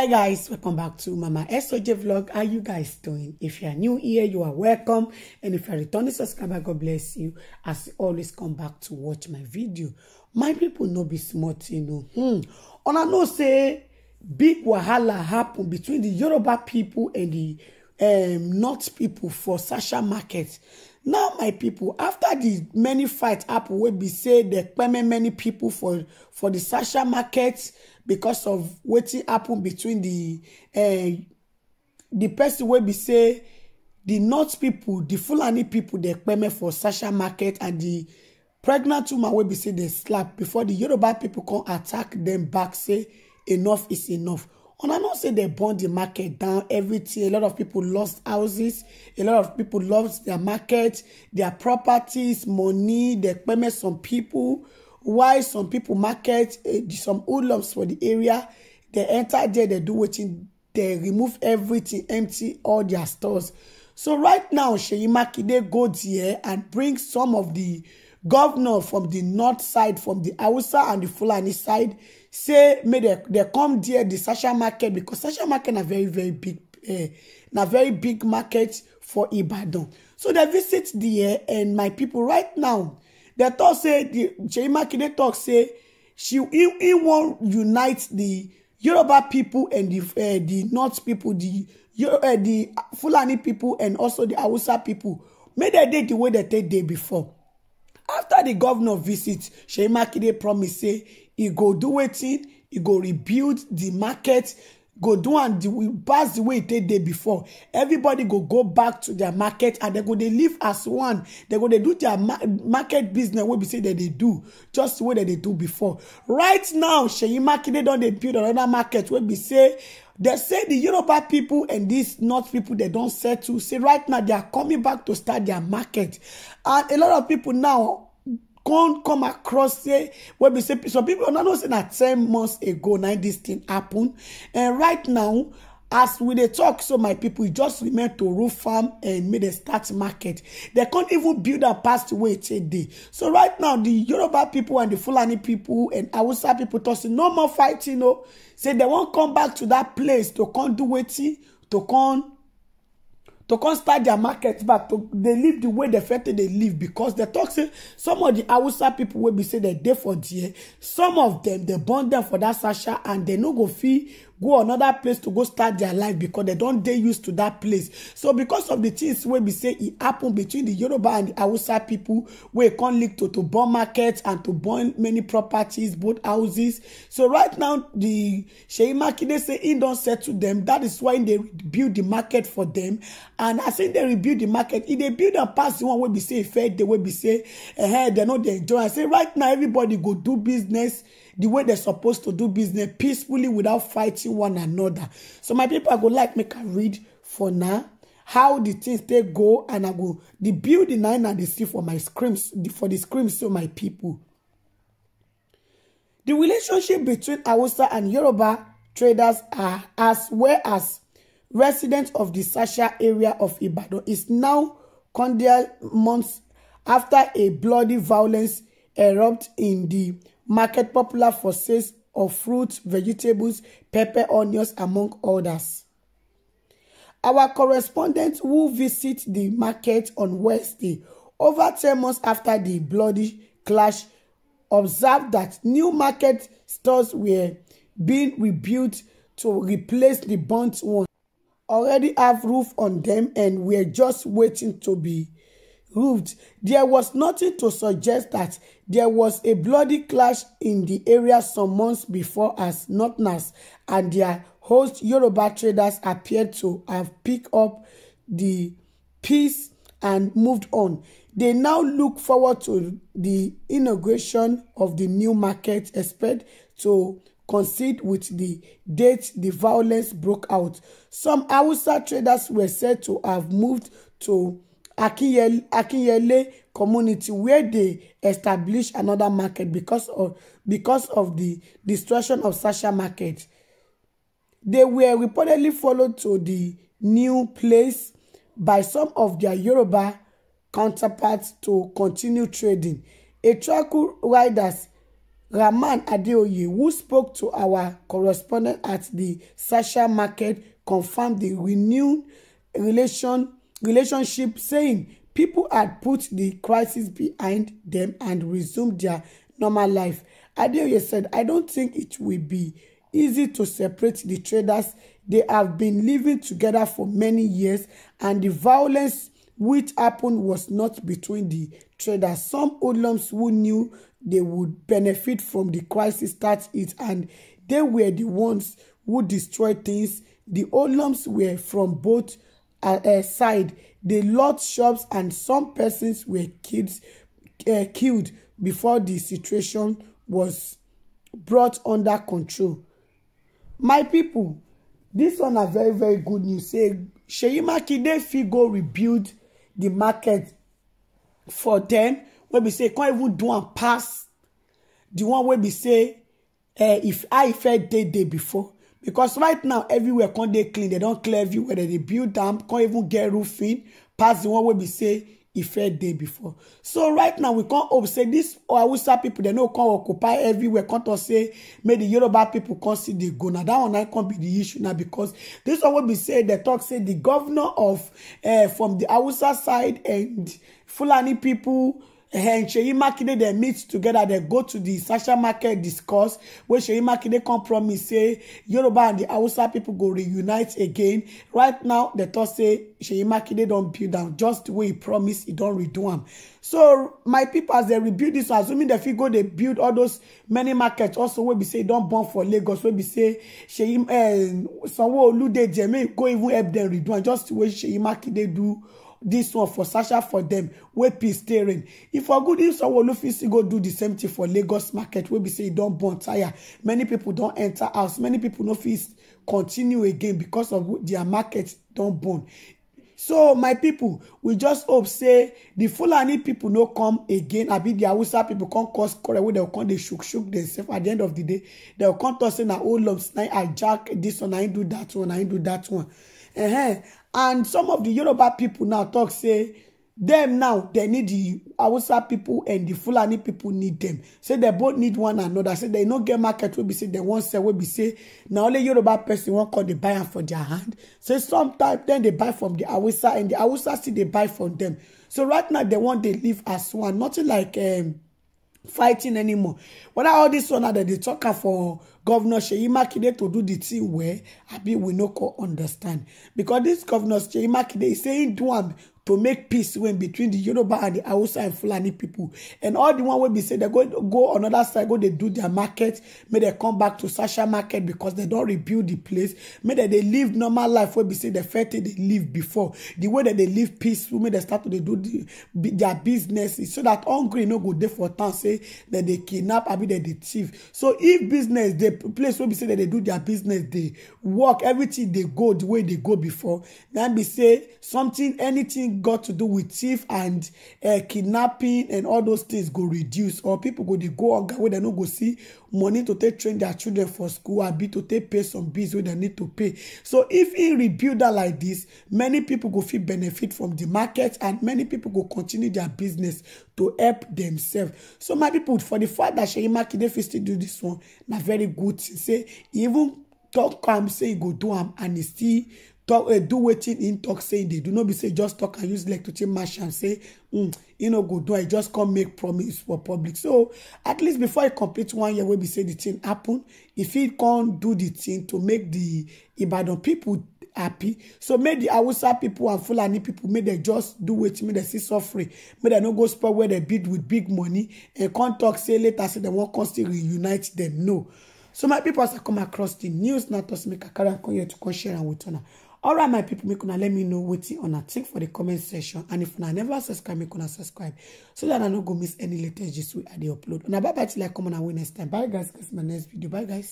hi guys welcome back to mama soj vlog how you guys doing if you are new here you are welcome and if you are returning subscriber god bless you as you always come back to watch my video my people no be smart, you know hmm I know say big wahala happen between the yoruba people and the um, north people for sasha market now my people after the many fight up, wey be say the many people for for the sasha market because of wetin happen between the uh, the person wey be say the north people the fulani people dey kpeme for sasha market and the pregnant woman wey be say dey slap before the yoruba people come attack them back say enough is enough una know say dem burn the market down everything a lot of people lost houses a lot of people lost their market their properties money dey kpeme some people why some people market eh, some hoodlums for the area They enter there They do wetin They remove everything empty all their stores so right now sheyi makinde go there and bring some of the governor from the north side from the hausa and the fulani side say may they they come there the sasha market because sasha market is a very very big eh, a very big market for ibadan so they visit there and my people right now dem talk say di makinde talk say she he won't unite the yoruba people and the eh, the north people, pipo eh, the fulani people, and also the hausa people. make dem dey the way dem take dey before afta di govnor visit shey makinde promise say he go do wetin He go rebuild the market go do am pass the way e take dey before everybody go go back to their market and they go dey live as one They go dey do their market business wey be say dem dey do just the way dem dey do before right now seyi makinde don dey build another market wey be say dem say di yoruba pipo and dis north pipo dem don settle say right now are coming back to start dia market and a lot of pipo now come come across say wey be say some people, una know say na ten months ago na this thing happen and right now as we dey talk so my people e just remain to roof farm and make dem start market dem can't even build am past way a dey so right now the yoruba people and the fulani people and hausa people tok say no more fighting o oh. say dem wan come back to that place to come do wetin to come to come start their market back to dey live the way dem fit dey live because dem talk say some of the hausa people wey be say dem dey for there some of them dey born them for that sasha and dem no go fit go another place to go start their life because they don't dey used to that place so because of the things where we say it e happened between the yoruba and the hausa people wey come lead to to burn markets and to burn many properties both houses so right now the Seyi Makinde say he don settle them that is why they build the market for them and as im dey rebuild the market if they build am pass the one wey be say fair they will be say eh, eh they no they enjoy I say right now everybody go do business the way they're supposed to do business peacefully without fighting one another. So my people, I go like make a read for now how the things they go and I go the building nine and the see for my screams for the screams to my people. The relationship between Hausa and Yoruba traders are as well as residents of the Sasha area of Ibadan is now condemned months after a bloody violence erupted in the market popular for sales of fruits, vegetables, pepper, onions, among others. Our correspondent who visit the market on Wednesday, over 10 months after the bloody clash, observed that new market stores were being rebuilt to replace the burnt ones. Already have roof on them and were just waiting to be roofed. There was nothing to suggest that there was a bloody clash in the area some months before as Northerners and their host Yoruba traders appeared to have picked up the peace and moved on. They now look forward to the inauguration of the new market, expect to coincide with the date the violence broke out. Some Hausa traders were said to have moved to Akinyele, community where they establish another market because of, because of the destruction of Sasha market. They were reportedly followed to the new place by some of their Yoruba counterparts to continue trading. A truckle riders Raman Adeoye, who spoke to our correspondent at the Sasha market, confirmed the renewed relation relationship saying people had put the crisis behind them and resumed their normal life. Adeoye said, I don't think it will be easy to separate the traders. They have been living together for many years and the violence which happened was not between the traders. Some hoodlums who knew they would benefit from the crisis started it and they were the ones who destroyed things. The hoodlums were from both Uh, uh, side, the lot shops and some persons were kids, uh, killed before the situation was brought under control. My people, this one are very, very good news. Say, Seyi Makinde fit go rebuild the market for them. When we say, can't even do and pass the one wey we say uh, if I felt day day before because right now everywhere can't they clean They don't clear everywhere dem they build am Can't even get roofing Past the one where we say e fair day before so right now we can't hope oh, say dis hausa people they no con occupy everywhere Can't talk say make the yoruba people con see dey go now. That one I can't be the issue now because this one will be said. The talk say the governor of eh, from the hausa side and fulani people hen Seyi Makinde dem meet together dem go to the Sasha market discuss wey Seyi Makinde come promise say Yoruba and the Hausa people go reunite again right now dem talk say Seyi Makinde don build am just the way he promise he don redo am so my people as dem rebuild this one assuming dem fit go dey build all those many markets also wey be say don burn for Lagos wey be say Seyi um, Sanwo-Olu dey there make go even help dem redo am just the way Seyi Makinde do This one for sasha for them. wey peace staring. If e for good if someone olu fit still go do the same thing for lagos market wey be say e don burn tire many people don't enter house many people no fit continue again because of their market don't burn so my people, we just hope say di fulani people no come again I abi di hausa People come cause quarrel wey dem come they shook shook themselves at the end of the day dem come tok say na old lumps na hijack dis one I do that one I do that one Uh -huh. And some of the Yoruba people now talk say them now they need the Hausa people and the Fulani people need them. Say they both need one another. Say they no get market will be say they won't sell will be say now only Yoruba person won't call the buyer for their hand. Say sometimes then they buy from the Hausa and the Hausa see they buy from them. So right now they want they live as one, nothing like um fighting anymore whether all this one that they dey for Governor sheyi makinde to do di tin well abi we no go understand because this Governor sheyi makinde is saying do am to make peace when between the Yoruba and the Hausa and Fulani people. And all the one will be said they go go another side, go they do their market, may they come back to Sasha market because they don't rebuild the place. May they they live normal life where be say the first they live before. The way that they live peace, may they start to they do the, be, their businesses so that hungry no go there for town say that they kidnap I mean they thief. So if business the place where be say that they do their business, they work everything they go the way they go before. Then be say something anything anything got to do with thief and eh, kidnapping and all those things go reduce or people go dey go hunger wey dem no go see money to take train their children for school abi to take pay some bills wey dem need to pay so if e rebuild that like this, many people go fit benefit from the market and many people go continue their business to help themselves. so my people for the fact that shey makinde fit still do this one na very good say even tok am say e go do am and e still talk eh, do wetin him talk say him dey do no be say just talk and use leg to take match am say hmm him no go do i just come make promise for public so at least before e complete one year wey be say the thing happen e fit come do the thing to make the ibadan people happy so make di hausa people and fulani people make dem just do wetin make dem see suffering make dem no go spoil where they bid with big money and come talk say later say they wan come still reunite them no so my people as i come across the news na tos make i carry am come here to come share am with una all right my people make una let me know what wetin una think for the comment section and if una never subscribe make una subscribe so that i don't go miss any latest gist we are the upload una bye bye till i come on and next time bye guys my next video bye guys